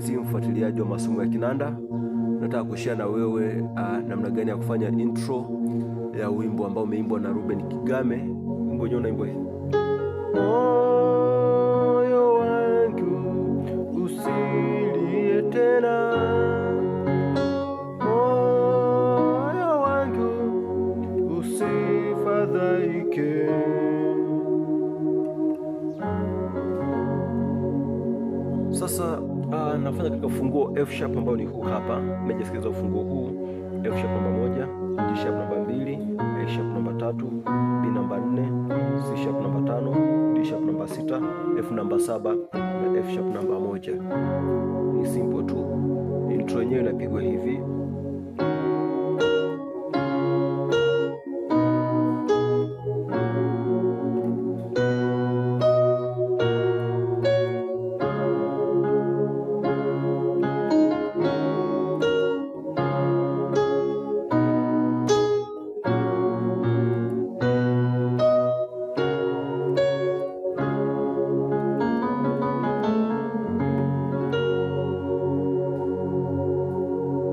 mpenzi mfuatiliaji wa masomo ya kinanda, nataka kushia na wewe uh, namna gani ya kufanya intro ya wimbo ambao umeimbwa na Ruben Kigame. Wimbo wenyewe unaimbwa hivi: moyo wangu usilie tena, moyo wangu usifadhaike tunafanya katika ufunguo F sharp ambao ni huu hapa. Nimejisikiliza ufunguo huu F sharp namba moja, G sharp namba mbili, A sharp namba tatu, B namba nne, C sharp namba tano, D sharp namba sita, F namba saba na F sharp namba moja. Ni simple tu. Intro yenyewe inapigwa hivi.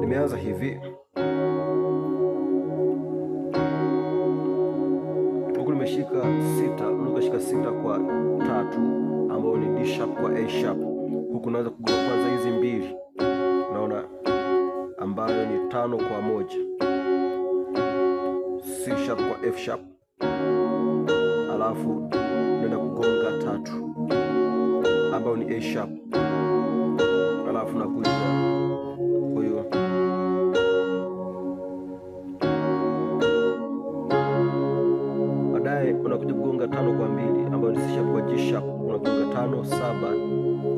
imeanza hivi huku, nimeshika sita, nikashika sita kwa tatu, ambayo ni D sharp kwa A sharp. Huku naanza kugonga kwanza hizi mbili, naona ambayo ni tano kwa moja, C sharp kwa F sharp, alafu naenda kugonga tatu ambayo ni A sharp, alafu nakuja utakuja kugonga tano kwa mbili ambayo ni C sharp kwa G sharp. Unagonga tano saba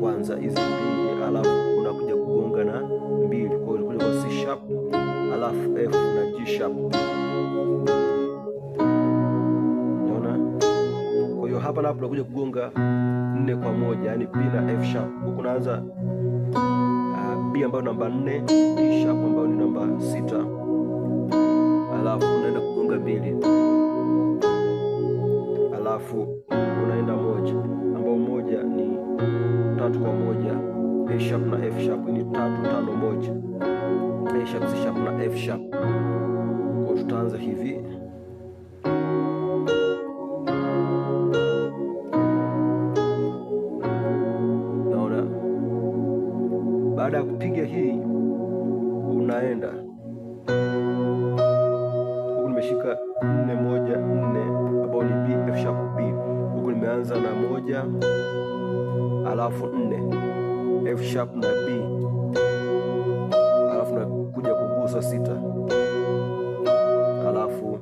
kwanza hizi mbili, alafu unakuja kugonga na mbili, kwa hiyo kwa C sharp alafu F na G sharp. Hapa na hapo unakuja kugonga nne kwa moja, yani B na F sharp. Huko unaanza uh, B ambayo namba nne, D sharp ambayo ni namba sita, alafu na moja A sharp, C sharp na F sharp. Kwa tutaanza hivi naona, baada ya kupiga hii unaenda huku, nimeshika nne moja nne ambao ni B F sharp B, huku nimeanza na moja alafu nne F sharp na B hizo sita, alafu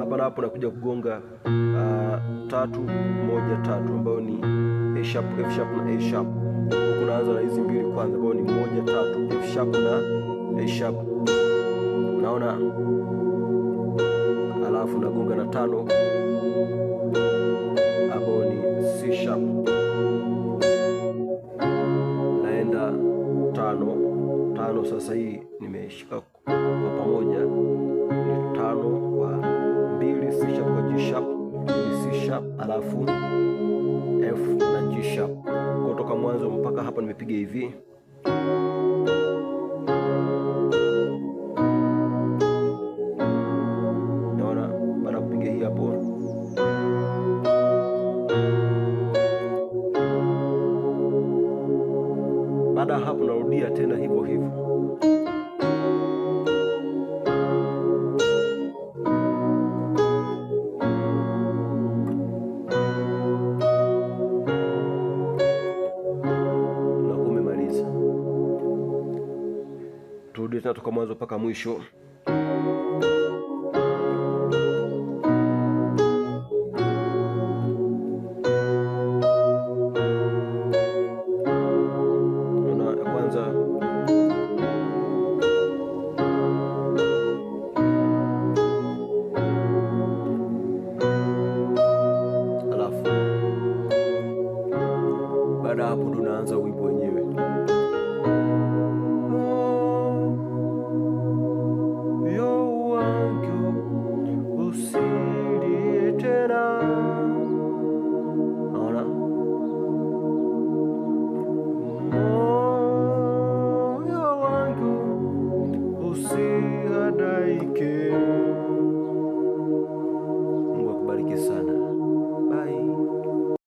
hapa na hapo nakuja kugonga uh, tatu moja tatu, ambayo ni A sharp, F sharp na A sharp. Huku naanza na hizi mbili kwanza, ambayo ni moja tatu, F sharp na A sharp, naona, alafu nagonga na tano alafu F na G sharp. Kutoka mwanzo mpaka hapa nimepiga hivi e naona. Baada ya kupiga hii hapo, baada hapo narudia tena hivyo hivyo. mfululizo toka mwanzo mpaka mwisho.